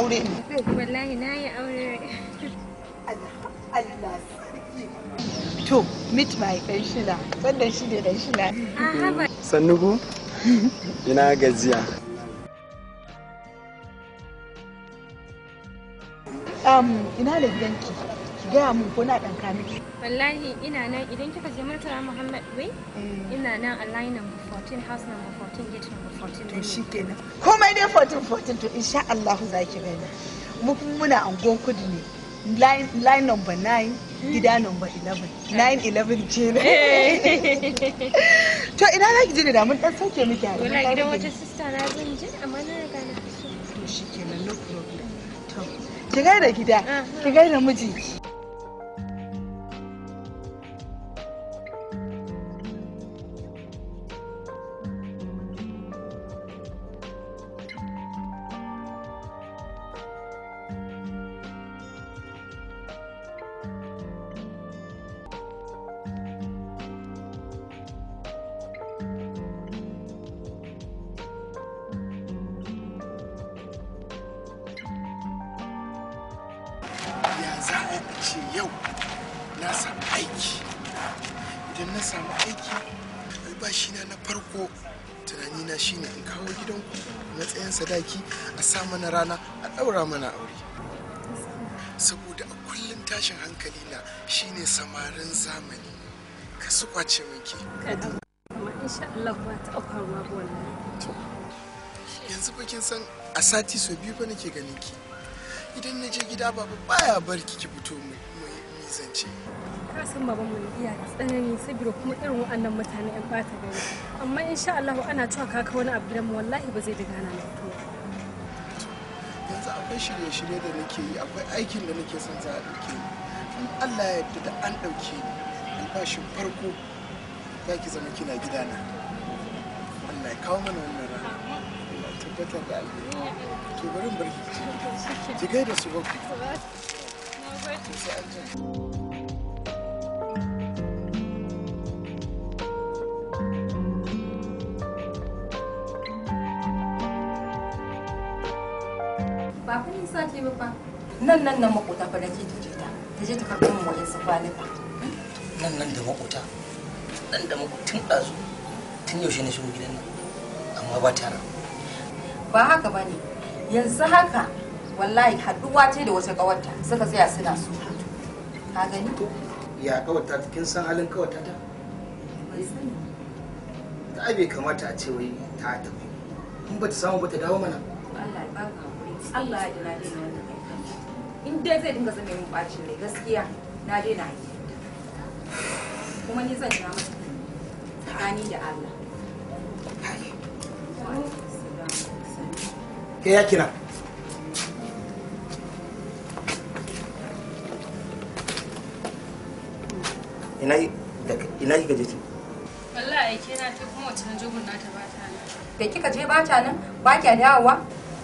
aure ne wallahi na yi aure Allah to meet my dan shila wannan shi ne dan shila sannugu ina gajiya um ina da gidanki gaya mun ko na dan ɗanka miki. Wallahi ina nan idan kika je martaba Muhammad wai eh. ina nan a line number 14 house number 14 gate number 14. To shikenan Komai dai 14 14 to insha Allah za ki gani. Mu kuma muna angon kudi ne. Line, line number 9 hmm. gida number 11 911 11 ce ne eh. to ina za ki je da mun dan sauke miki hari wala gidan wata sister na zan je amma na ga na to shikenan no problem to ki gaida gida ki gaida mijinki rana a ɗaura mana aure saboda a kullum tashin hankali na shine samarin zamani ka su kwace minki yanzu bakin kin san a sati sau biyu ba nake ganin ki idan na je gida baba baya bar ki ki fito mai nizance ka san baban mu iya tsanani saboda kuma irin waɗannan mutane an bata gani amma insha Allah ana cewa kaka wani abu gidan mu wallahi ba zai diga na akwai shirye-shirye da nake yi akwai aikin da nake son za a ɗauke ni in allah ya yarda da an ɗauke ni in shi farko za ki zama kina gida na allah ya kawo mana wannan rana allah tabbatar da alheri to bari barki ki gaida su ba ku sai an nan nan nan makota fa nake ta je ta ta je ta karɓo mu wa'in kwanuka nan nan da makota nan da makotin ɗazu tun yaushe na shigo gidan nan amma ba tara ba haka ba ne yanzu haka wallahi haɗuwa ce da wata ƙawarta suka tsaya suna so ka gani ya ƙawarta kin san halin ƙawarta ta ta ai bai kamata a ce wai ta tafi in ba ta samu ba ta dawo mana Allah ya baka hakuri Allah ya dina in dai zai dinga zama min bacin rai gaskiya na daina yi kuma ni zan sha masa tsakani da Allah ke ya kira ina ina kika je wallahi ke na ta kuma wacce na jogun na ta bata nan da kika je bata nan ba kya dawowa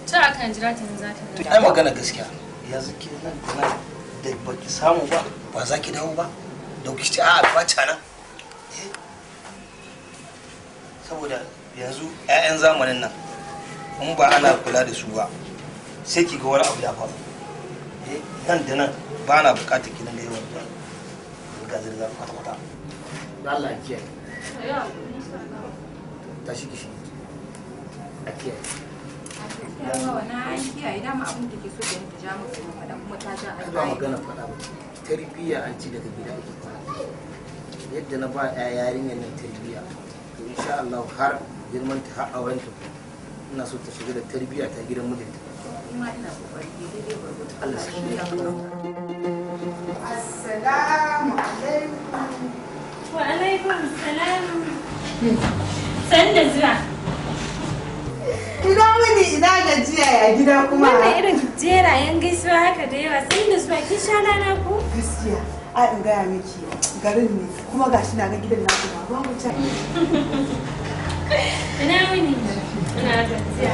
ta akan jira ta za ta ai magana gaskiya yanzu ke nan da nan da ba ki samu ba ba za ki dawo ba da ce a ba ta nan eh. saboda yanzu 'ya'yan zamanin nan in ba ana kula da su ba sai ki ga wani abu ya faru eh, nan da nan ba na bukatar ki nan da yawan da zirga zirga kwata kwata Allah ya kiyaye tashi kishi a kiyaye yawa na kiyaye dama abin da ke so da ta kuma ta tarbiyya an ci daga gida yadda na ba ɗaya yarinyar nan tarbiyya to insha Allah har girman ta har auren ta ina so ta shiga da tarbiyya ta gidan mijinta kuma ina Assalamu alaikum. Wa alaikum salam. Sanda zuwa. Ina wani ina gajiya ya gida kuma. Wannan irin jerayen gaisuwa haka da yawa sai da zuwa kin sha rana ko? Gaskiya. A in gaya miki garin ne kuma gashi na ga gidan naku ba ba wuta. Ina wani Ina gajiya.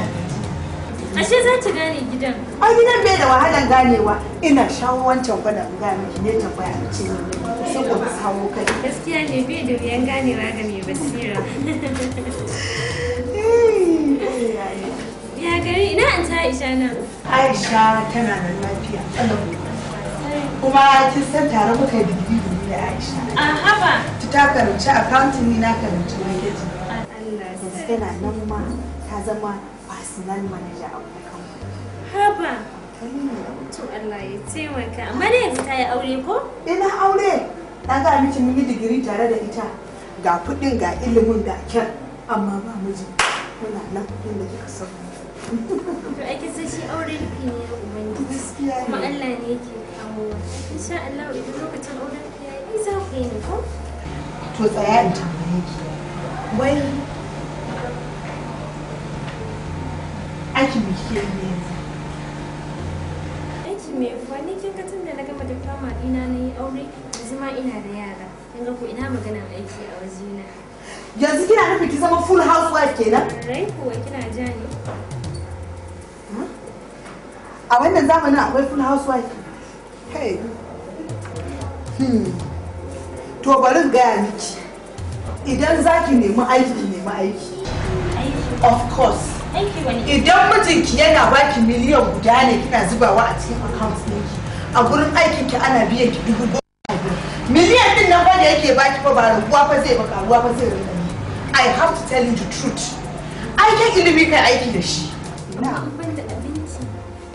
Ashe za ki gane gidan. A gidan bai da wahalar ganewa. Ina shawo wancan gwada kwanan gaya miki ne tambaya a ce ne. Saboda hawo kai. Gaskiya ne bai da wuyan ganewa ga mai basira. Ya gari ina an ta Aisha nan. Aisha tana nan lafiya. Kuma kin san tare muka yi digiri da Aisha. A haba. Ta karanci accounting ni na karanci marketing. Allah tana nan ma ta zama personal manager a wani kamfani. Haba. To Allah ya taimaka. Amma ne yanzu ta yi aure ko? Ina eh, aure. Na ga miki mun yi digiri tare da ita. Ga kuɗin ga ilimin da kyar amma ba miji. kuna nan inda kika so ne na kuma Allah yake ya yi ne ko to tsaya in tambaye ki wai aiki me yi aiki me fa ni kin ka na gama diploma dina na yi aure yanzu ina da yara kin ga ko ina maganar aiki a wajena yanzu kina nufin ki zama full housewife kenan a wannan zamanin akwai full housewife hey hmm. to bari gaya miki idan za ki nemi aiki nemi aiki of course idan mijinki yana baki miliyan guda ne kina zubawa a cikin account ɗinki a gurin aikinki ana biyan ki dubu goma miliyan ɗin nan ba da yake baki fa ba raguwa fa zai baka ruwa fa zai rinka I have to tell you the truth. Aikin ilimi kai aiki da shi. Na.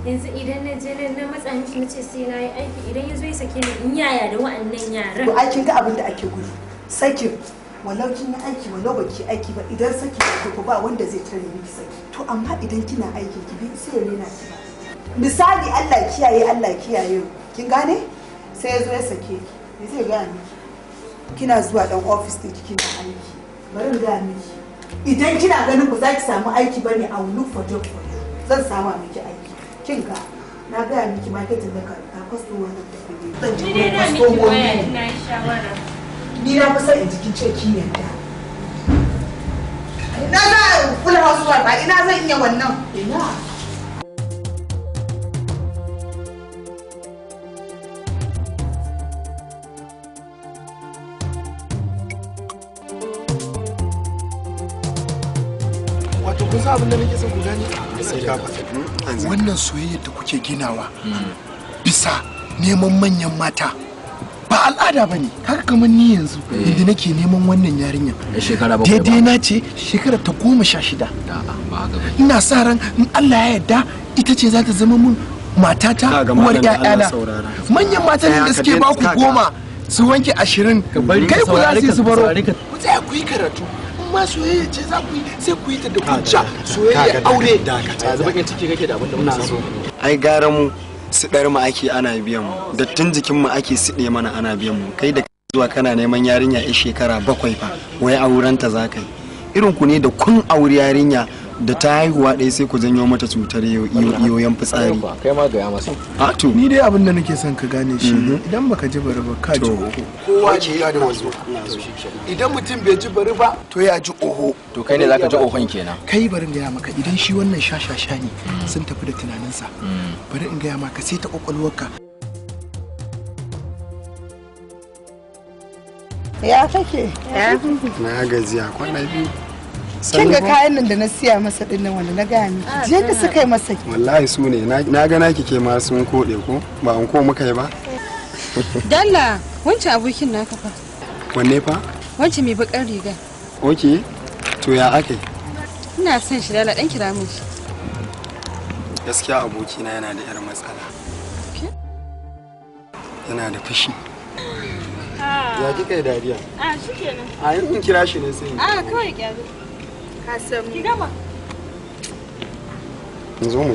Yanzu idan na je na matsa mishi na ce sai na yi aiki idan ya zo ya sake ni in yaya da wa'annan yaran. ko aikin ga abin da ake gudu. Sakin walau kin aiki walau ba ki aiki ba idan saki ba ko ba wanda zai tare miki saki. To amma idan kina aiki ki bi sai ya rena ki Misali Allah kiyaye Allah kiyaye kin gane? Sai ya zo ya sake ki. Me zai gaya miki? Kina zuwa dan ofis ɗin kina aiki. bari ga miki idan kina ganin ku za ki samu aiki bane a will look for job for you zan sama miki aiki kin ga na ga miki marketing da ka customer da ta kudi zan ji ko customer ne ni na kusa in jikin ce ki yanda ina za full house ba ina zan iya wannan ina wannan soyayyar da kuke ginawa bisa neman manyan mata ba al'ada ba ne kaga kamar ni yanzu eh. inda nake neman wannan yarinya. daidai na ce shekara ta goma sha shida ina sa ran in allah ya yarda ita ce za ta zama mun matata uwar ƴaƴana manyan matan da suke baku goma su wanke ashirin kai ku za su yi su baro ku tsaya ku yi karatu ma soyayya ce za ku ta da soyayya aure da ciki kake da abin da ai gara mu mu ake ana biyan mu dattin jikin mu ake side mana ana biyan mu kai da zuwa kana neman yarinya 'yan shekara bakwai fa wai aurenta za ka yi irin ku ne da kun aure yarinya da ta haihuwa ɗaya sai ku janyo mata cutar yoyon fitsari kai ma ga a to ni dai abin da nake son ka gane shi mhm. idan baka ji bari ba ka ji oho kowa ce ya da wanzu. idan mutum bai ji bari ba to ya ji oho to kai ne zaka ji ohon kenan kai bari in gaya maka idan shi wannan shashasha ne mm. sun tafi da tunaninsa mm. bari in gaya maka sai ta kwakwalwarka ya kake na gajiya kwana biyu kin ga kayan nan da na siya masa din nan wanda na gani ah, je ka suka yi masa wallahi su ne na ga naki ke ma sun kode ko ba an ko muka yi ba dalla wancan abokin naka fa wanne fa wancan mai bakar riga oke to ya aka yi. ina son shi dalla dan kira min shi gaskiya abokina yana da yar matsala yana da fushi ah. ya kika yi dariya ah, a shi kenan a yankin kira shi ne sai a kawai kyaru Ki gama. Zo mu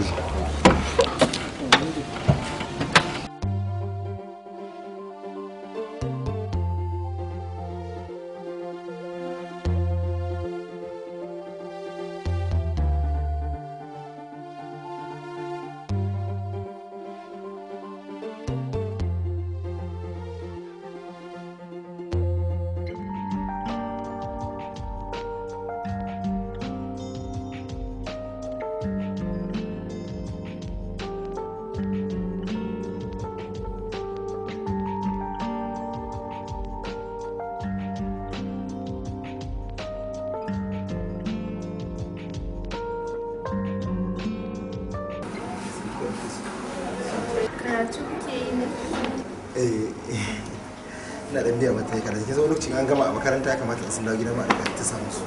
sun gida ba a ta samu su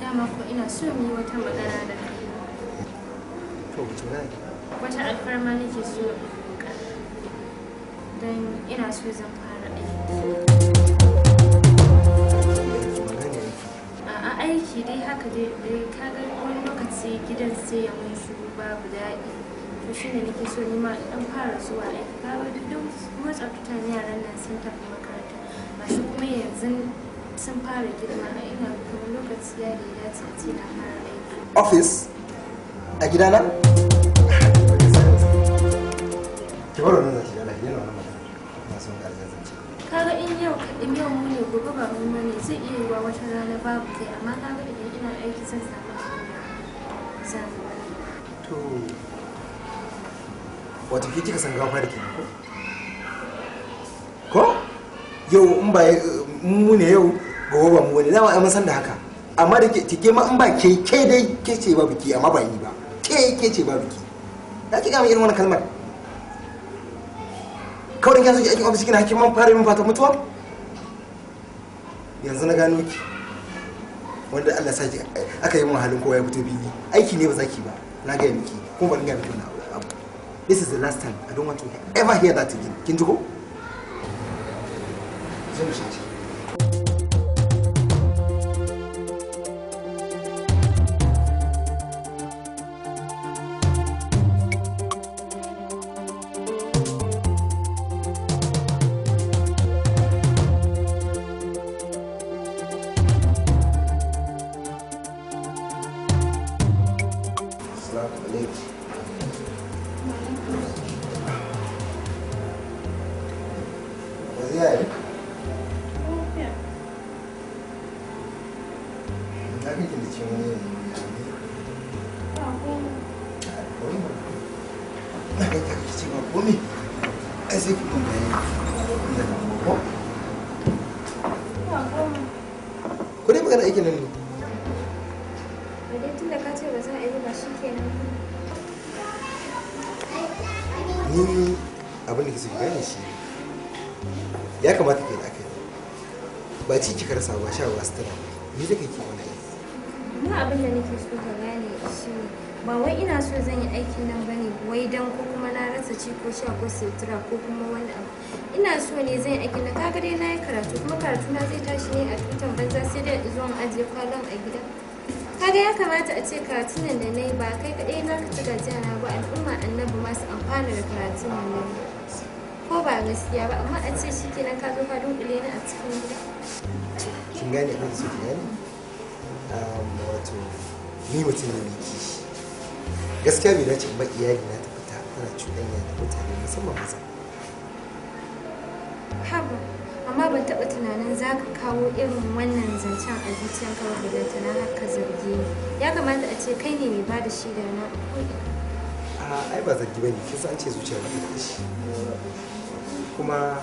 dama ko ina so mu yi wata magana da kai to wace magana wata alfarma nake so don ina so zan fara aiki a aiki dai haka dai dai ga wani lokaci gidan sai ya mun shuru babu daɗi to shi ne nake so ma dan fara zuwa aiki kawo duk motsa fitan yaran nan sun tafi yanzu sun fara girma a ina kuma lokaci ya da ya ce na fara aiki office a gida gidana ki bar wannan zance Allah yana wannan magana na son ka zance kaga in yau in yau mun ne gobe ba mu ne zai iya yi yiwa wata rana babu kai amma kaga idan ina aiki zan samu zan to wato ki kika san gafa da ke ko yau in ba mu ne yau gobe ba mu ne dama ai san da haka amma da ke tike ma in ba ke ke dai ke ce ba biki amma ba yi ba ke ke ce ba biki da ke ga irin wannan kalmar kawai kin so ki aikin office kina hakin man fara min fata mutuwa yanzu na gano ki wanda Allah sa ki aka yi mun halin kowa ya fito biyu aiki ne ba za ki ba na ga miki kuma ban ga miki na abu this is the last time i don't want to ever hear that again kin ji ko 这个事情。ce karatun da na yi ba kai kaɗai na ka ci jana ba al'umma annabi masu amfana da karatun da ko ba gaskiya ba amma a ce shi ke ka zo ka dunkule ni a cikin gida. kin gane abin su ke yan wato ni mutum ne mai kishi gaskiya bai dace ba iyali na ta fita tana cuɗanya da mutane musamman maza. haba amma ban taɓa tunanin za ka kawo irin wannan zancen a kawo guda ta na haka zargi ne ya kamata a ce kai ne mai ba da shi da na ai ba zargi ba ne kisa an ce zuciya ba da shi kuma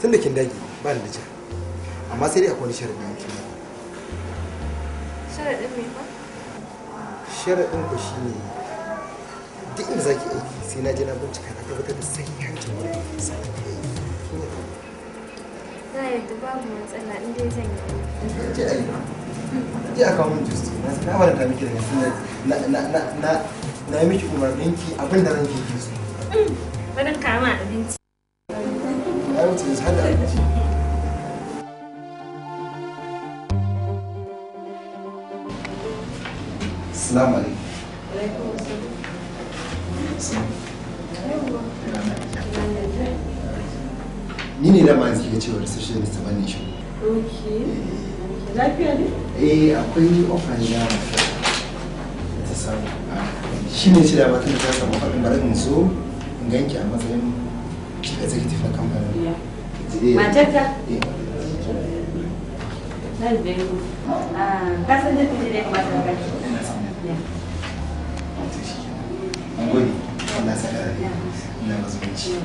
tun da kin dagi ba da ja amma sai dai akwai wani sharaɗi ne sharaɗin me ba sharaɗin ku ne duk inda ki aiki sai na je na bincika na tabbatar da sahihancin wani sai yadda a na miki abin da ke so hmm, kama abinci ya abinci eh akwai ofan da ta samu shi ne shida ba ta samu bari in in ganki a matsayin chief na kamfanin eh. matarka eh. Nan biyu. da ah, kuji da kamata ka kai. Ina san. Mun gode. Allah ya saka. Ina mazmunci.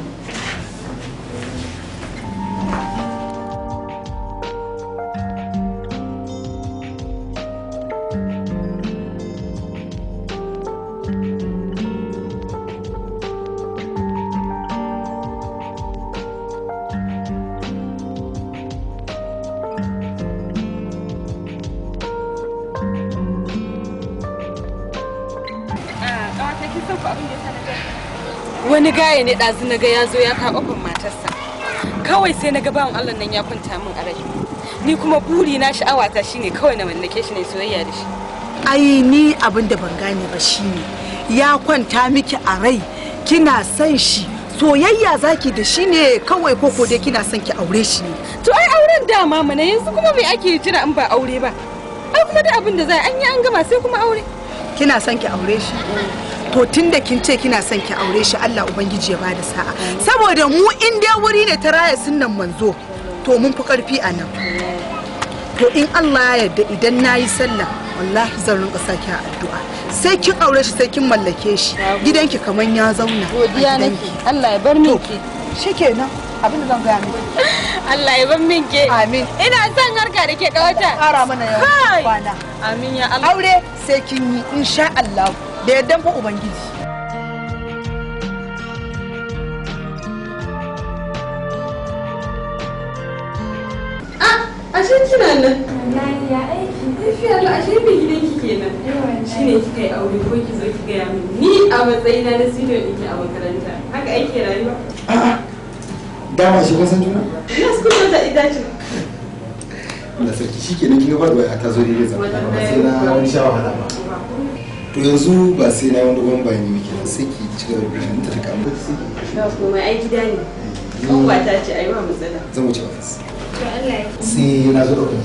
wani gaya ne ɗazu na ga ya zo ya kawo matarsa kawai sai na ga bawan allah nan ya kwanta min a rai ni kuma buri na sha'awata shine kawai na mallake shi ne soyayya da shi ai ni abin da ban gane ba shine ya kwanta miki a rai kina san shi soyayya zaki da shi ne kawai koko dai kina son ki aure shi ne to ai auren dama mana yanzu kuma me ake jira in ba aure ba ai kuma da abin da za an yi an gama sai kuma aure kina son ki aure shi to tun da kin ce kina son ki aure shi Allah ubangiji ya bada sa'a saboda mu in dai wuri ne ta raya sunnan manzo to mun fi karfi a nan to in Allah ya yarda idan nayi sallah wallahi zan rinka saki a addu'a sai kin aure shi sai kin mallake shi gidanki kaman ya zauna godiya nake Allah ya bar miki shikenan abin da zan ga miki Allah ya bar miki amin ina son harka da ke kawata ƙara mana yau kwana amin ya Allah aure sai kin yi insha Allah da yaddan fa ubangiji ah, ashe kina nan ya aiki lafiya to ashe mai gidanki kenan shi ne kika yi aure ko ki zo ki gaya min ni a matsayina na senior ɗinki a makaranta haka aiki rayuwa dama shi kun san juna ina su kuma ta idacin da sarki shi kenan kin ga ba ta zo daidai zama ba sai na wani sha wahala ba to yanzu ba sai na wanda ban bayani muke nan sai ki ci gaba da ta da kamar ba komai ai gida ne ko ba ta ce ai ba matsala zan wuce ofis sai na zo da kuma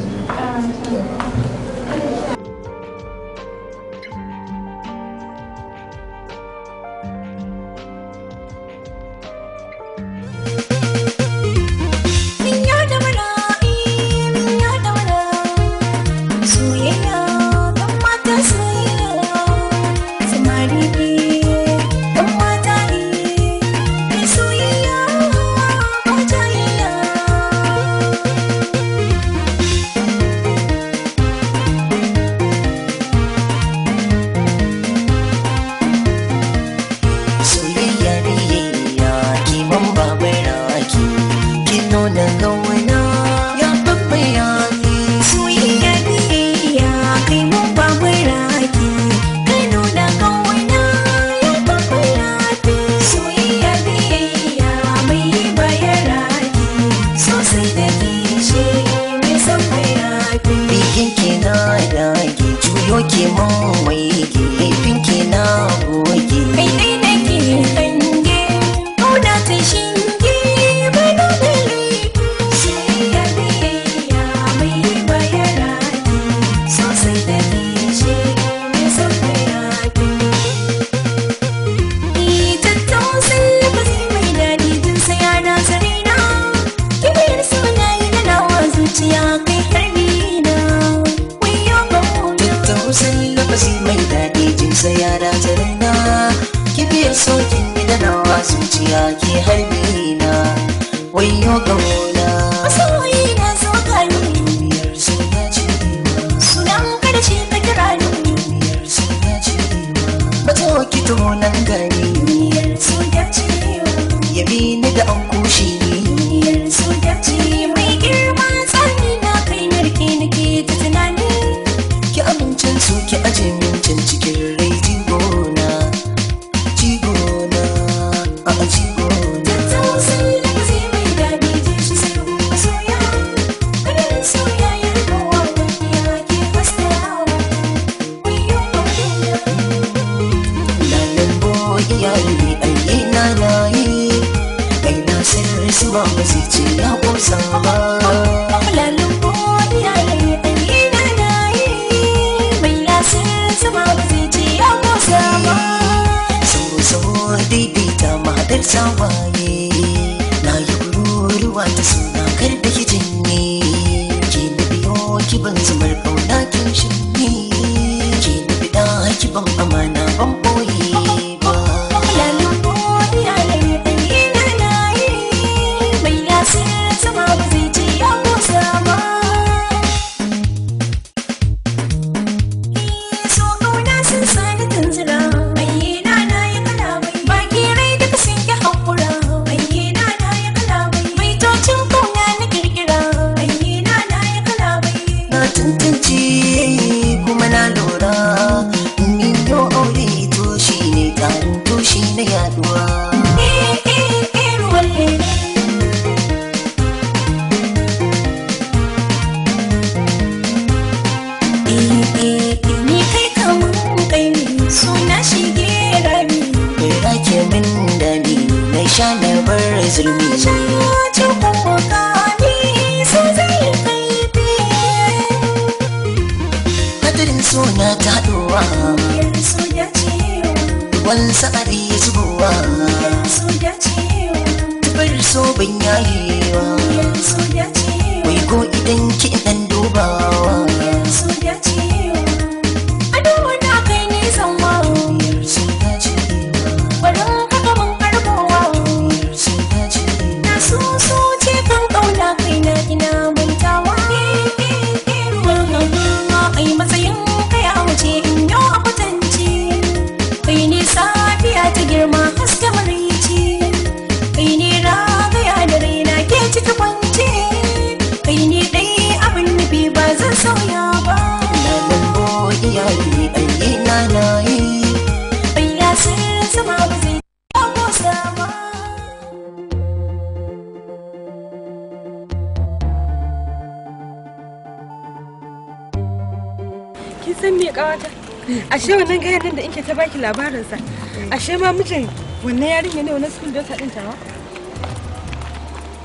mijin wannan yarinya ne wannan school daughter din tawa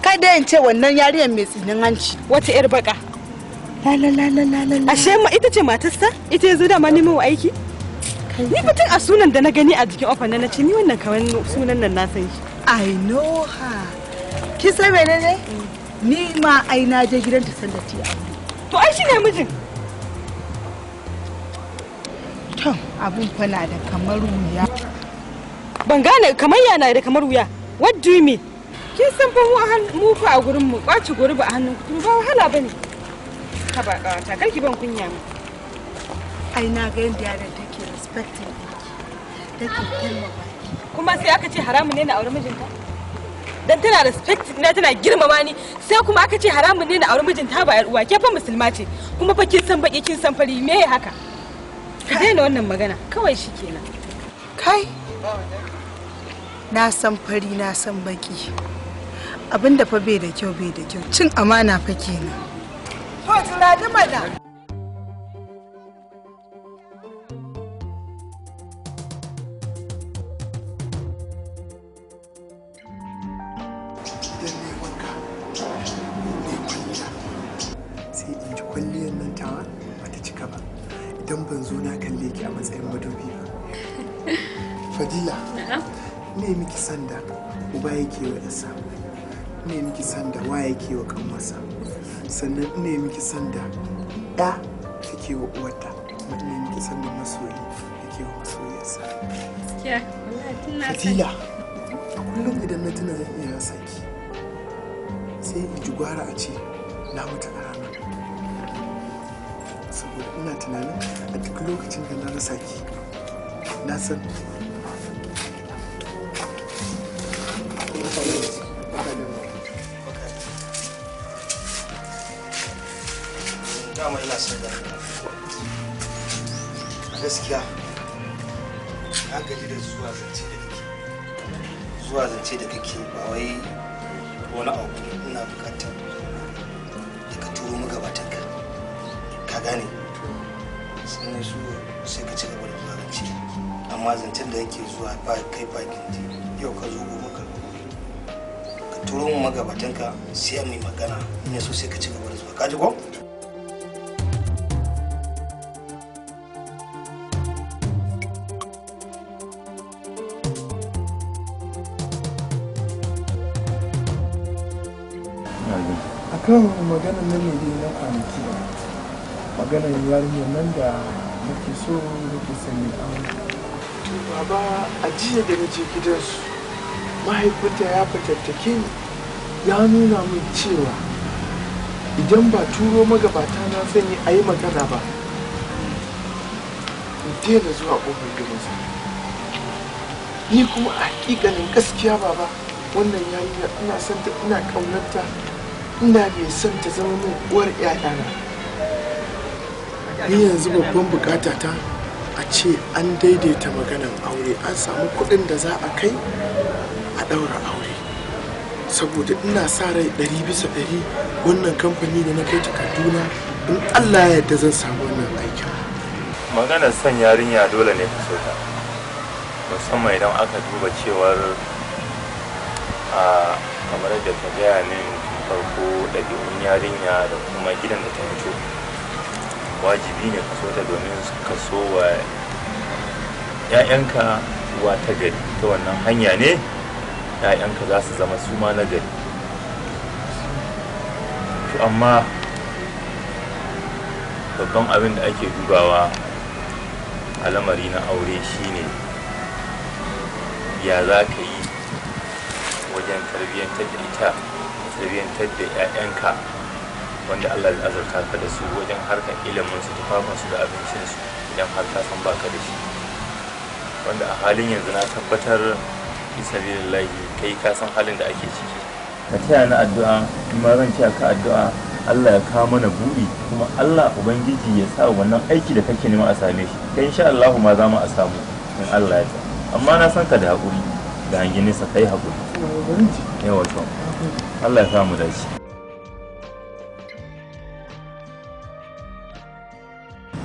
kai da ce wannan yarinyar mai tsinin hanci wata yar baka ashe ma ita ce matarsa ita ya zo da ma nemo aiki ni fitin a sunan da na gani a jikin ofan na ce ni wannan kawai sunan nan na san shi i know her ki san ne? ni ma ai na je gidan ta sanda ti to ai shi ne mijin to abun fana da kamar wuya ban gane kamar yana da kamar wuya what do you mean kin san fa mu fa a gurin mu kwaci gori ba a hannun ku ba wahala bane ka ba kawata karki ban kunya mu ai na ga yanda yaran take respecting ɗinki take girmama kuma sai aka ce haramun ne na aure mijinta dan tana respect na tana girmama ni sai kuma aka ce haramun ne na aure mijinta ba yar uwa ke fa musulma ce kuma fa kin san baki kin san fari me haka ka daina wannan magana kawai shikenan kai na san fari na san baki abinda fa bai da kyau bai da kyau cin amana fa kenan to tunadi mana sannan ina yi miki sanda ɗa kake wa uwarta ina yi miki sanda masoyi kake wa masoyarsa fatila a kullum idan na tuna zan iya rasa ki sai in ji gwara a ce na mutu a rana saboda ina tunanin a duk lokacin da na rasa ki na san gaskiya na gaji da zuwa zance da kake zuwa zance da kake ba wai wani abu ina bukatar da ka turo mu gabatar ka ka gane sannan su sai ka ci gaba da zuwa zance amma zancen da yake zuwa ba kai ba gindi yau ka zo gobe ka ka turo mu magabatan ka sai mu magana ina so sai ka ci gaba da zuwa ka ji ko Maganar nan ne dai na kwanaki ba yarinyar nan da nake so nake sanya aure baba a jiya da naje gidansu mahaifinta ya fatattake ni ya nuna min cewa idan ba turo magabata na sanyi a yi magana ba daina zuwa ƙofar gidansa ni kuma a hakikanin gaskiya baba wannan yarinya ina son ta ina ƙaunarta ina mai son ta zama min uwar na. ni yanzu babban ta a ce an daidaita maganan aure an samu kuɗin da za a kai a ɗaura aure saboda ina sa rai ɗari bisa ɗari wannan kamfani da na kai takarduna in allah ya yarda zan samu wannan aikin maganar son yarinya dole ne ka so ta musamman idan aka duba cewar a kamar da ta gaya ne farko ɗabi'un yarinya da kuma gidan da ta mutu. wajibi ne ka so ta domin ka so wa 'ya'yanka wa ta gari ta wannan hanya ne 'ya'yanka za su zama suma na gari to amma babban abin da ake dubawa a lamari na aure shine ya za ka yi wajen tarbiyyantar da ita tarbiyyantar da 'ya'yanka wanda Allah ya azurta ka da su wajen harkar ilimin su tufafin su da abincin su idan har ka san baka da shi wanda a halin yanzu na tabbatar isabilillahi kai ka san halin da ake ciki ka taya na addu'a in ma zan taya ka addu'a Allah ya kawo mana buri kuma Allah ubangiji ya sa wannan aiki da kake nema a same shi kai insha Allah ma za mu a samu in Allah ya ta amma na san ka da haƙuri da hangin nisa kai haƙuri yawa to Allah ya mu dace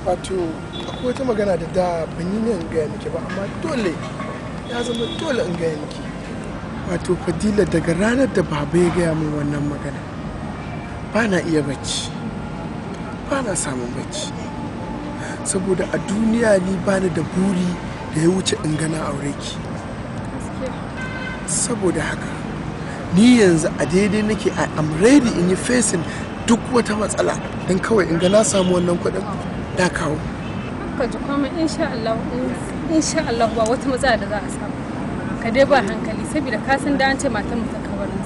wato akwai wata magana da da ban yi ne in miki ba amma dole ya zama dole in gaya miki wato fadila daga ranar da baba ya gaya min wannan magana ba na iya bacci ba na samun bacci saboda a duniya ni ba ni da buri da ya wuce in gana aure ki saboda haka ni yanzu a daidai nake i am ready in yi facing duk wata matsala don kawai in ga na samu wannan kuɗin da kawo ka ji kuma insha Allah insha Allah ba wata matsala da za a samu ka dai ba hankali saboda ka san da an ce matan ta kabarin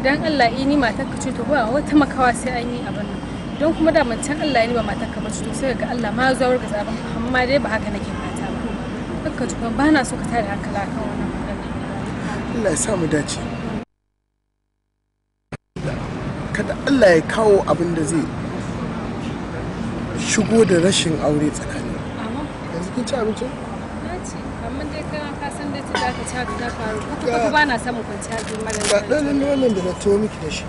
idan Allah yi ni matan ka ce to ba wata makawa sai an yi abin nan don kuma da mancan Allah yi ni ba matan ka ba to sai ga Allah ma zuwa ga zaben amma dai ba haka nake fata ba ka ji ba na so ka tare hankali akan wannan Allah ya sa mu dace kada allah ya kawo abin da zai shigo da rashin aure tsakani yanzu kin ci abincin ka san da ta faru kuma ba na samun kwanciyar da na miki da shi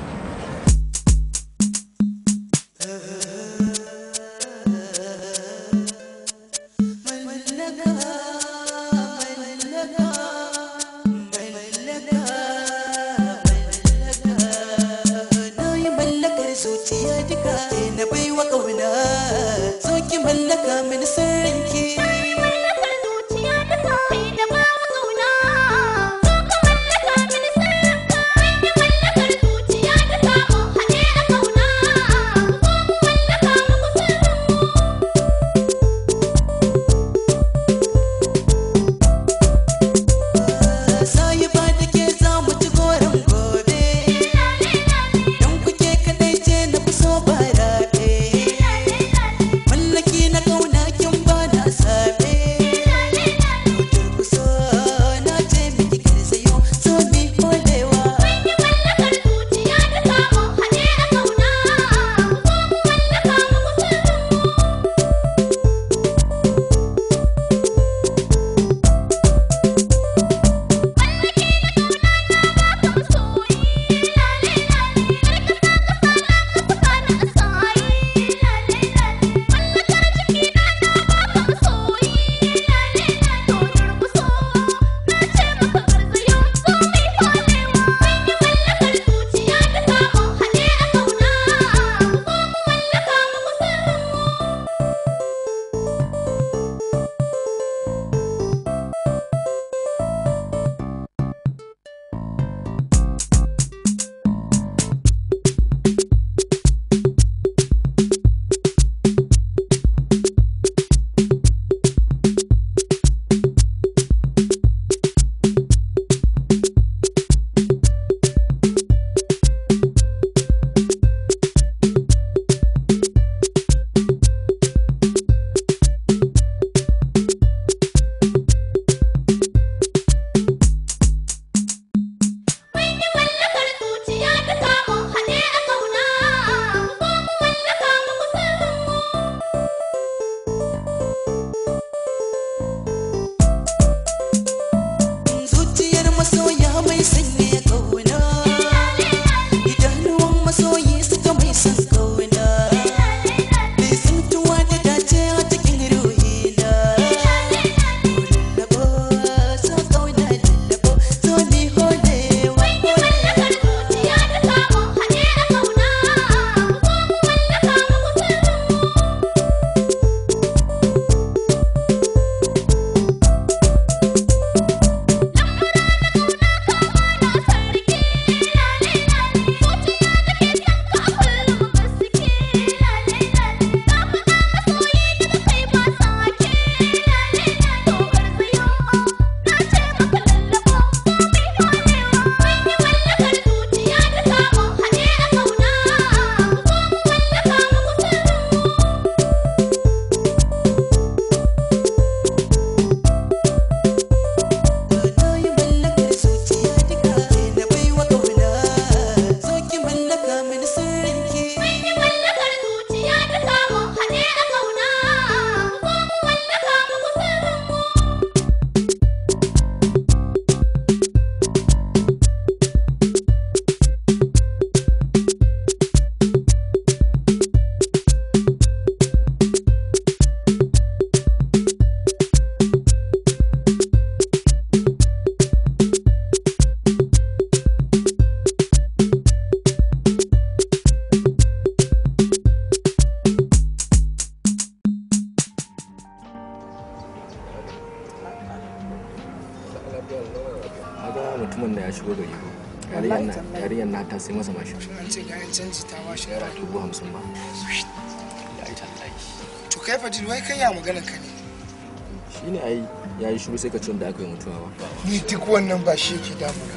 gobe sai ka ci wanda aka yi mutuwa ba ni duk wannan ba shi yake damuna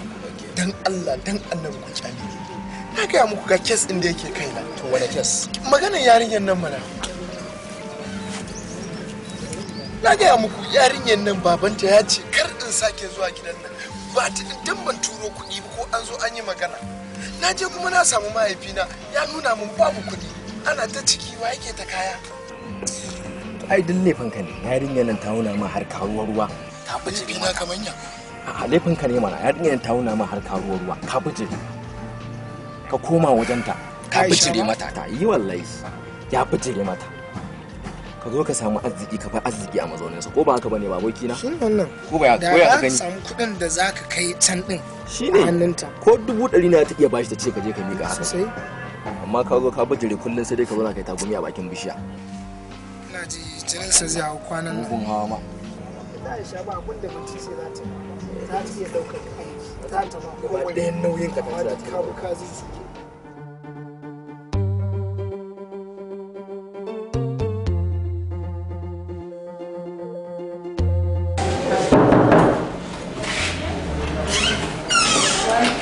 dan Allah dan annabi ku kyale na gaya muku ga kes din da yake kaina to wani kes maganar yarinyar nan mana na gaya muku yarinyar nan babanta ya ce kar in sake zuwa gidan nan ba ta dan ban turo kuɗi ko an zo an yi magana na je kuma na samu mahaifina ya nuna min babu kuɗi ana ta ciki wa yake ta kaya ai duk laifin ka ne yarinyar nan ta nuna min har karuwar ruwa ka bijire mata kamanya a laifin ka ne mana yarinyar ta wuna ma har karuwa ruwa ka bijire ka koma wajen ta ka bijire mata ta yi wallahi ya bijire mata ka zo ka samu arziki ka bar arziki a mazauninsa ko ba haka bane ba aboki na shin wannan ko ba ko ya gani samu kuɗin da zaka kai can din shine hannunta ko dubu ɗari na ta iya bashi ta ce ka je ka miƙa haka sai amma ka zo ka bijire kullum sai dai ka zo na kai tagumi a bakin bishiya ina ji jininsa zai hau kwanan nan ita aisha ba abin da mace ce za ta za ta iya daukar aiki za ta ma kowa ɗayan nauyin ka ta ka buka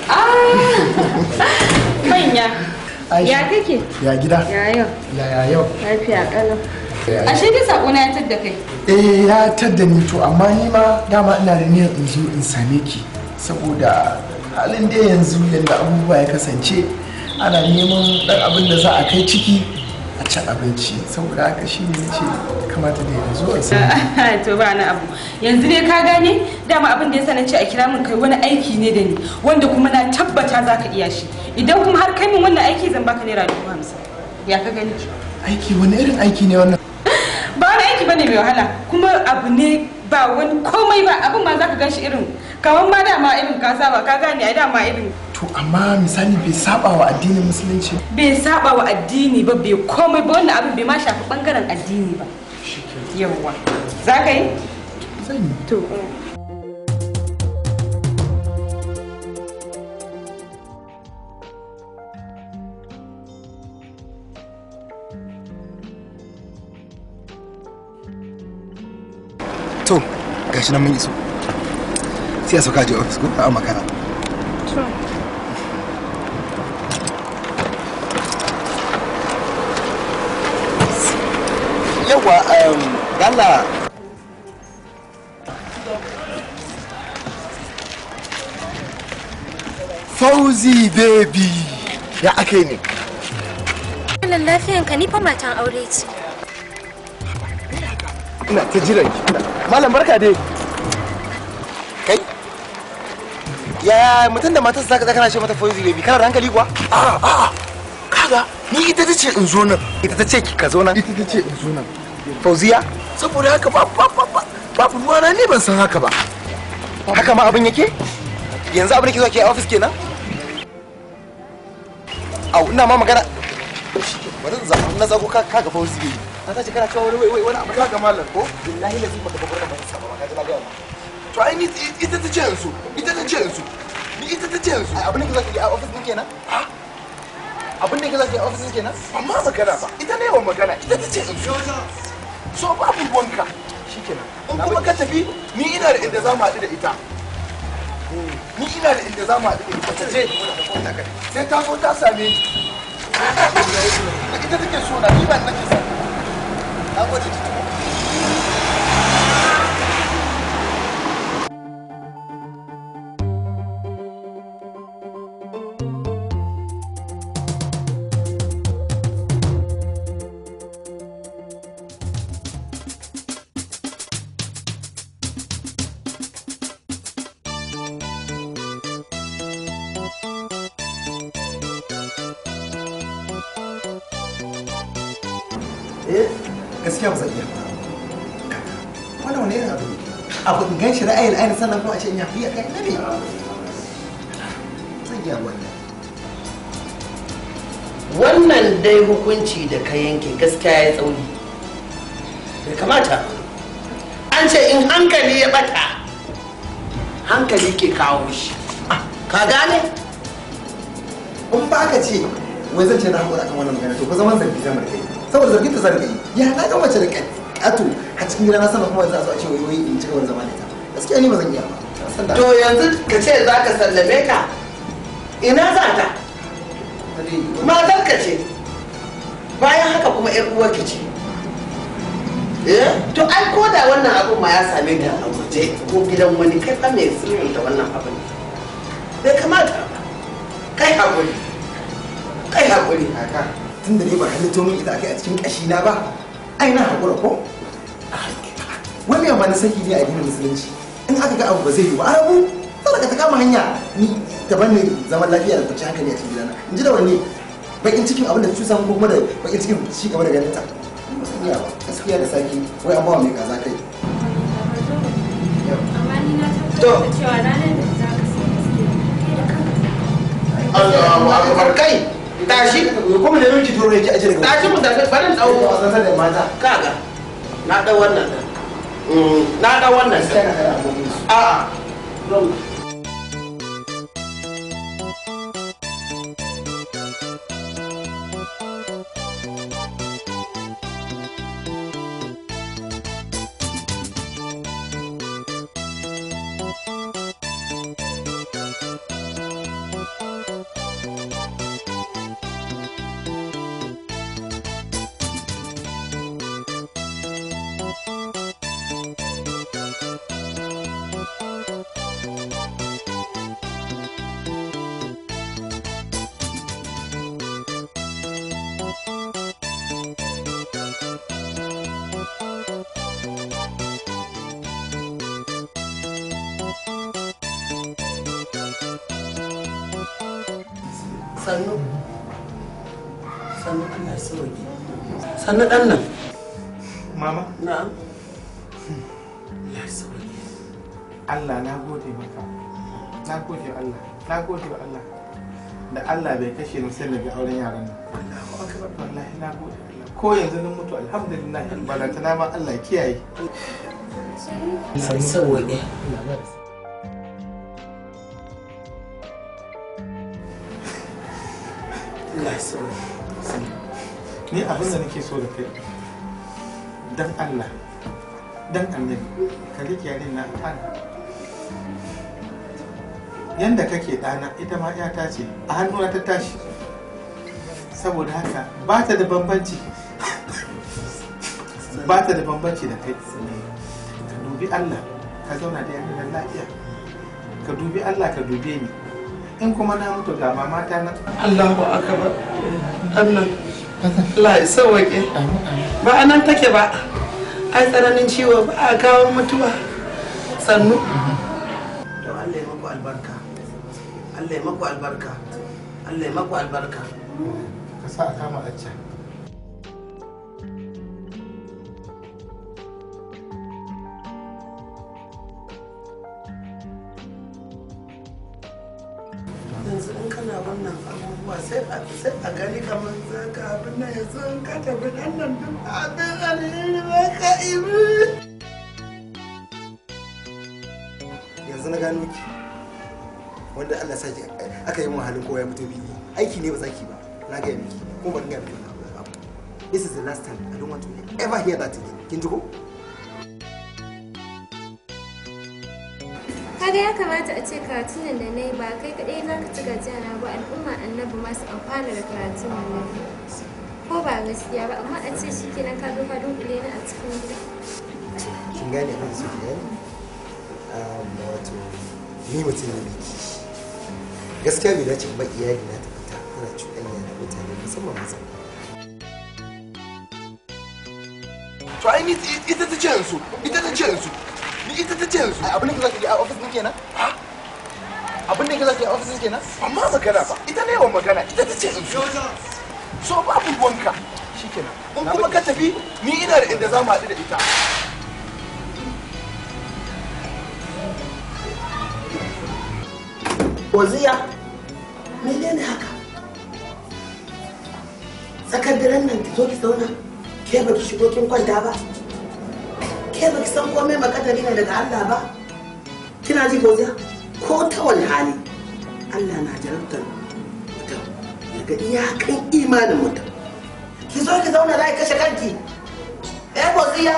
ah! Ya kake? Ya gida? Ya yau. Ya yau. Lafiya kalau. ashe dai sako na ya tadda kai eh ya tadda ni to amma ni ma dama ina da niyyar in zo in same ki saboda halin da yanzu yadda abubuwa ya kasance ana neman dan abin da za a kai ciki a ci abinci saboda haka shi ne ce kamata da yanzu a sami to ba na abu yanzu ne ka gane dama abin da ya sanar ce a kira min kai wani aiki ne da ni wanda kuma na tabbata za ka iya shi idan kuma har kai min wannan aiki zan baka naira dubu hamsin ya ka gani aiki wani irin aiki ne wannan ne mai wahala kuma abu ne ba wani komai ba abin ma zaka gan shi irin kamar ma dama irin ka saba ka gane ai dama irin to amma misali bai saba wa addinin musulunci bai saba wa addini ba bai komai ba wannan abin bai ma shafi bangaren addini ba yawwa zaka yi zan to mm. to gashi nan mun iso sai a sauka je ofis ko a makara yawa gala um, fauzi baby ya ake ne lafiyanka ni fa matan aure ce ina ta jiran ki malam barka dai kai ya mutum da matarsa zaka kana ce mata fozi baby kana da hankali kuwa a a kaga ni ita ta ce in zo nan ita ta ce ki ka zo nan ita ta ce in zo nan fauziya saboda haka ba ba ba ba ruwana ne ban san haka ba haka ma abin yake yanzu abin da ke zuwa ke ofis kenan au ina ma magana zama na zago ka ga fauzi ka sace kana cewa wani wai wani abu ka ga malam ko billahi lazi baka bakwai da sa ba ka ji na ga to ai ita ta ce yanzu ita ta ce yanzu ni ita ta ce yanzu abin da zaka yi a office din kenan abin da zaka yi a office din kenan amma magana ba ita ne wa magana ita ta ce yanzu so babu wanka shikenan in kuma ka tafi ni ina da inda za mu haɗu da ita ni ina da inda za mu haɗu da ita ta je sai ta zo ta same ni ita take so na ni ba nake sani 名古屋に sannan kuma a ce yafi ya kai annabi zan wannan dai hukunci da ka yanke gaskiya ya tsauri bai kamata an ce in hankali ya bata hankali ke kawo shi ah, ka gane Kun ba ka ce wai zan ce na haƙura kan wannan magana to ko zaman zargi zamar kai saboda zargin ta zargi ya na ga mace da ƙato a cikin gidan sama kuma za a zo a ce wai wai in ci gaban zama da gaskiya ni ba zan iya ba to yanzu ka ce za ka sallame ka ina za ta matar ka ce bayan haka kuma yar uwar ki ce eh? to ai ko da wannan abin ma ya same ta a waje ko gidan wani kai fa mai sirrin da wannan abin bai kamata kai hakuri kai hakuri haka tunda ne ba halitto min ita akai a cikin kashi na ba ai na hakura ko wannan ba na saki ne a addinin musulunci in aka ga abu ba zai yi ba arabu sadaka ta kama hanya ni ta banne zaman lafiya da kwanciyar hankali a cikin gidana in ji da wani bakin cikin abin da samu ko kuma da bakin cikin shi gaba da ganin ta gaskiya da saki wai an bawa mai kaza kai to Allahu akbar kai tashi kuma da yanki turo ne ki aje daga tashi mu ba barin tsawo a san da mata kaga na dau wannan Mm. na da wannan sai ka ga abubuwa sannu dan nan mama na'am ya sauri Allah na gode maka na gode Allah na gode Allah da Allah bai kashe ni sai daga auren yaran nan wallahi na gode ko yanzu na mutu alhamdulillah balanta na ma Allah kiyaye sai Allah ya sauri ni abinda nake so da kai dan Allah dan annabi ka rike yarin na ɗana yanda kake ɗana ita ma ta ce a hannuna ta tashi saboda haka ba ta da bambanci ba ta da bambanci da kai ka dubi Allah ka zauna da yarin nan lafiya ka dubi Allah ka dube ni in kuma na mutu ga mamata na Allahu akbar Allah Allah ya sauwaƙe ba a nan take ba ai tsananin ciwo ba a kawo mutuwa sannu to Allah ya maku albarka Allah ya maku albarka Allah ya maku albarka ka sa a kama acca sai a gani kamar za ka abin nan yanzu in ka tafi nan nan duk abin alheri ba ka ibi yanzu na gano ki wanda Allah saki aka yi mun halin kowa ya fito bibi aiki ne ba za ki ba na gaya miki ko ban gaya miki this is the last time i don't want to ever hear that again kin ji ko kaga ya kamata a ce karatun nan da na yi ba kai kaɗai za ka ci gajiya na ba al'umma annabi masu amfana da karatun nan na ko ba gaskiya ba amma a ce shi kaɗo ka don dunkule na a cikin gida kin gane kan su wato ni mutum ne biki gaskiya bai dace ba iyali na ta fita tana cuɗanya da mutane musamman maza to ai ni ita ta ce yanzu ita ta ce yanzu ni ita ta ce yanzu abin da za ka yi kenan abin da a kenan amma magana ba ita ne yawan magana ita ta ce in fi so babu ruwanka shikenan in kuma ka tafi ni ina da inda za mu haɗu da ita Oziya, haka? Tsakar daren nan ki zo ki zauna, ke baki shigo kin kwanta ba? Ke baki san komai makadari ne daga Allah ba? kina ji fauziya ko ta wani hali allah na jarabtar mutum ya ga iyakan imanin mutum ki zo ki zauna zai kashe kanki eh fauziya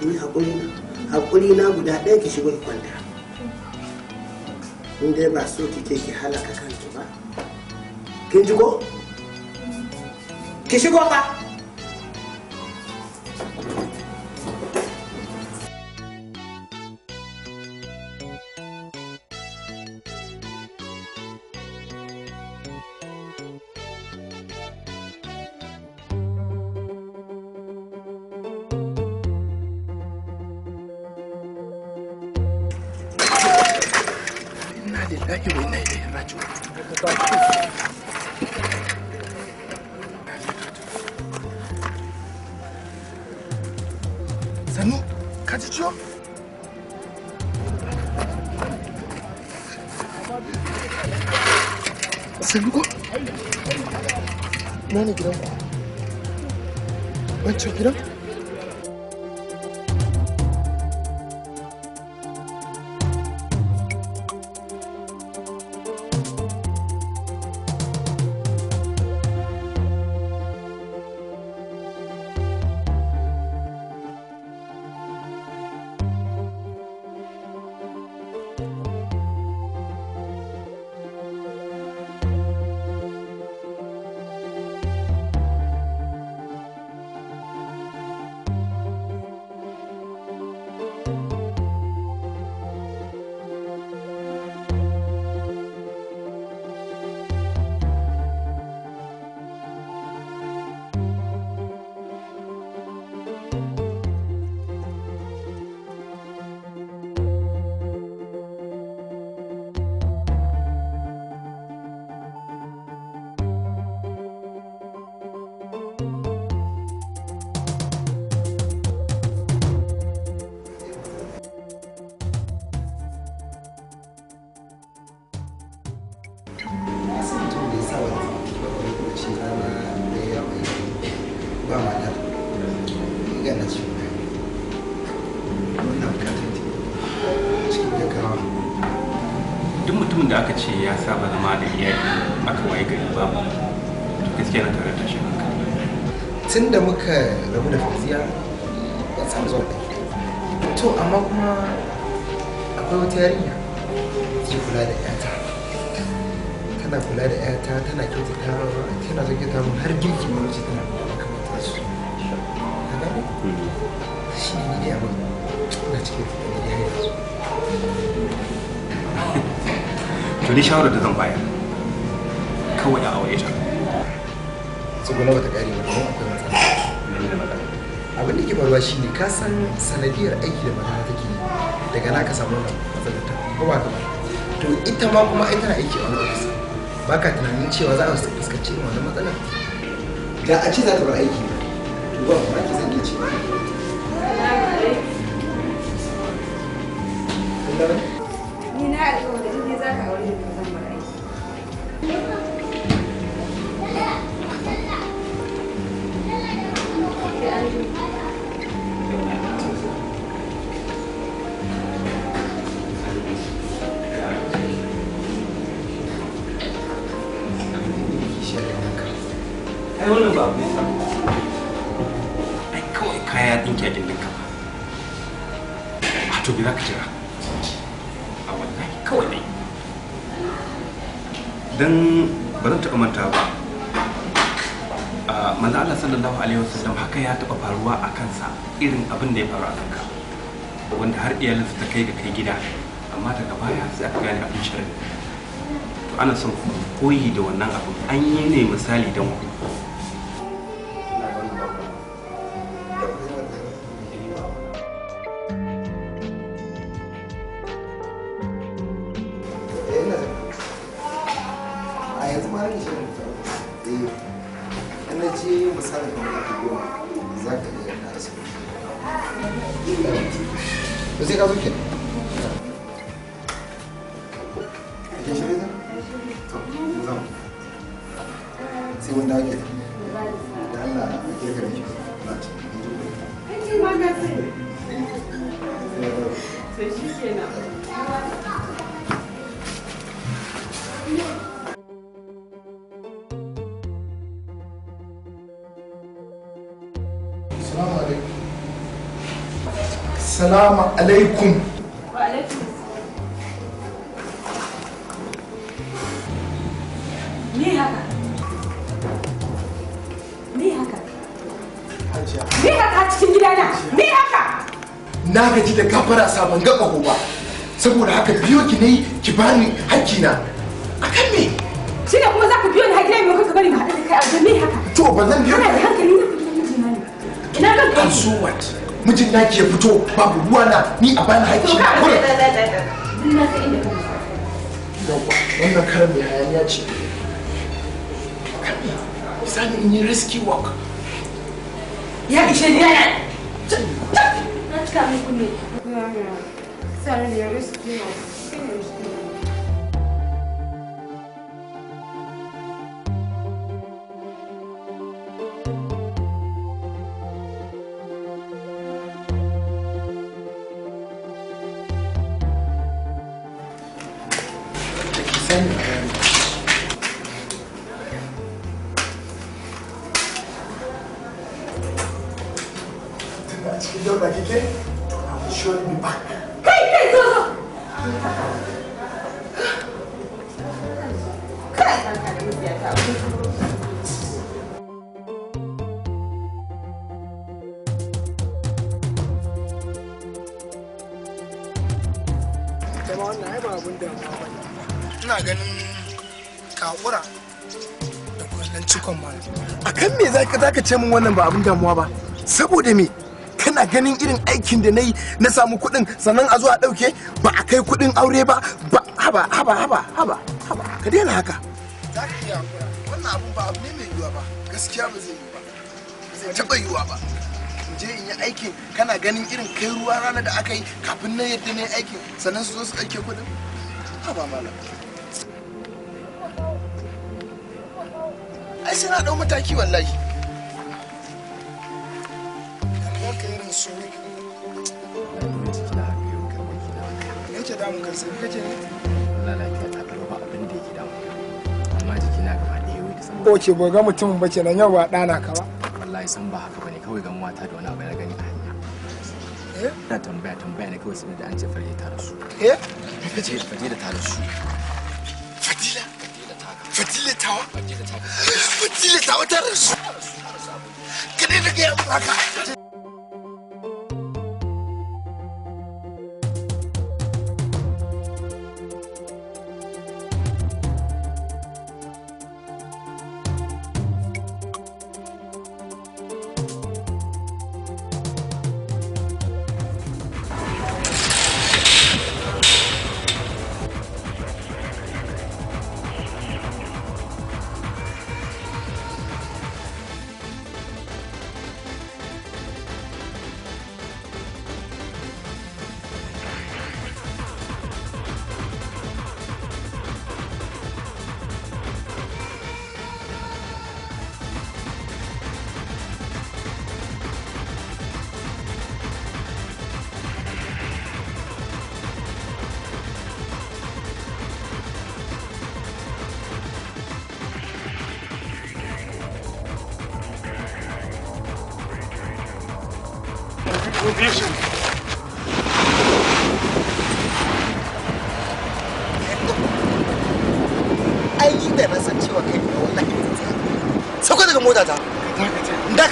ni haƙuri na haƙuri na guda ɗaya ki shigo ki kwanta in dai ba so kike ki halaka kanki ba kin ji ko 继续逛吗？to ni shawarar da zan bayar kawai a aure ta tsuguna ba ta kare ba kuma akwai matsala abin da ke faruwa shi ne ka san sanadiyar aiki da magana take yi daga na ka samu wannan matsalar ta ko ba ka to ita ma kuma ai tana aiki a wani ofis ba ka tunanin cewa za a fuskanci irin wannan matsalar da a ce za ta bar aiki ba to ba ma ki zan ke cewa ai ba abu yasa ai kawai kaya din kyakin kama a to bi za ka jira kawai dai dan ba zan taɓa manta ba manzo Allah sallallahu alaihi haka ya taɓa faruwa a kansa irin abin da ya faru a wanda har ta kai ga kai gida amma daga baya sai aka gane abin shirin to ana son koyi da wannan abu an yi ne misali don wani السلام عليكم fito babu ruwa na ni a bani haƙƙi na kuma wannan karan mai hayaniya ce kaɗi in yi risky work ya ishe ni yana na cika mai kunne Sorry, you're risky. ce min wannan ba abin damuwa ba saboda me kana ganin irin aikin da na yi na samu kuɗin sannan a zo a ɗauke ba a kai kuɗin aure ba ba haba haba haba haba haba ka daina haka za ka iya hakura wannan abun ba abu ne mai yiwuwa ba gaskiya ba zai yi ba zai taɓa yiwuwa ba je in yi aikin kana ganin irin kai ruwa rana da aka yi kafin na yadda na yi aikin sannan su zo su ɗauke kuɗin haba malam ai sai na ɗau mataki wallahi yake damun ka ba abin da oke ba ga mutumin ba kenan yau ba ɗana ka ba wallahi san ba haka bane kawai ga mata da wani abu ya gani a hanya eh na tambaya tambaya ne kawai sai da an ce farje ta rasu eh ce farje da ta rasu fadila fadila ta ka fadila ta wa fadila ta wa ta rasu kada da ga haka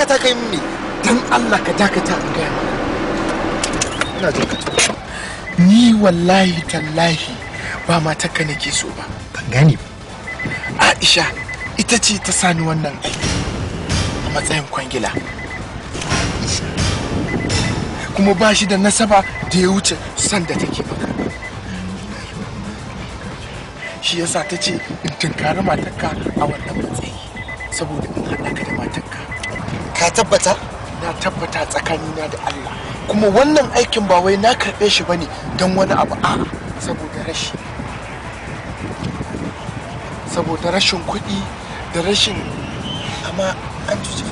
ta kai dan Allah ka dakata in ga ina jin ni wallahi tallahi ba matar ka nake so ba ban gane ba Aisha ita ce ta sani wannan aiki a matsayin kwangila kuma ba shi da nasaba da ya wuce sanda take maka shi yasa ta ce in tunkari matarka a wannan tabbata na tabbata tsakanina da Allah kuma wannan aikin ba wai na karɓe shi bane don wani abu a saboda rashi saboda rashin kuɗi da rashin amma an cuci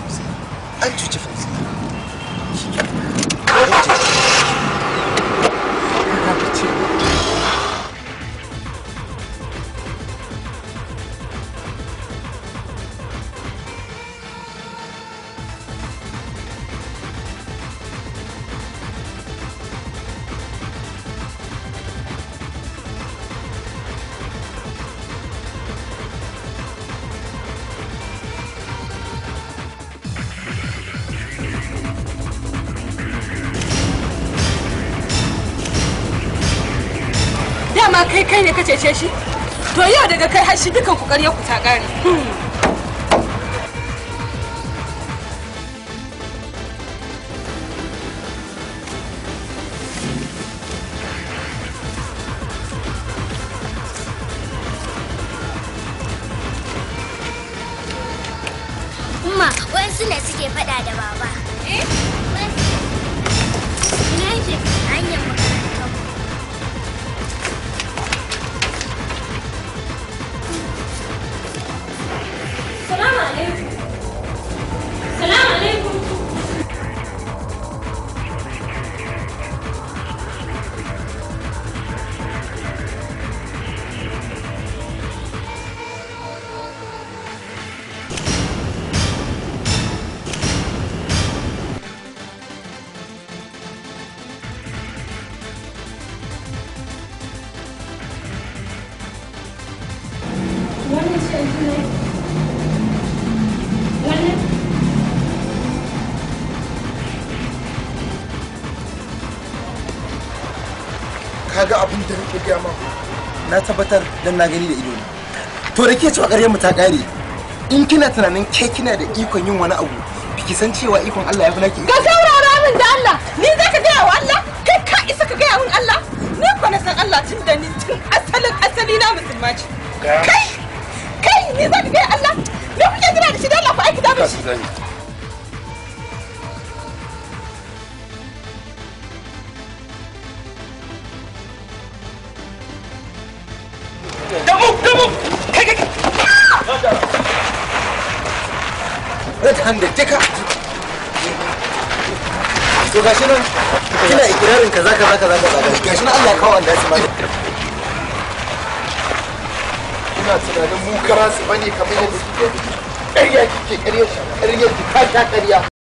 kai ne ka cece shi to yau daga kai har shi dukan ku ƙarya ku ta ƙare na tabbatar dan na gani da ido ne to da ke cewa ƙaryar mu ta ƙare in kina tunanin ke kina da ikon yin wani abu ki san cewa ikon Allah ya fi naki ga saurara min da Allah ni za ka gaya wa Allah kai ka isa ka gaya min Allah ni ko na san Allah tun da ni tun asalin asali na musulma ce kai kai ni za ka gaya Allah me kuke jira da shi da Allah ku aiki da mu shi handa duka to gashi nan kina ikirarin kaza kaza kaza kaza gashi nan Allah ya kawo ma tunanin mu kara su bane kamar yadda kike ƙarya kike ƙarya ƙarya ta ƙarya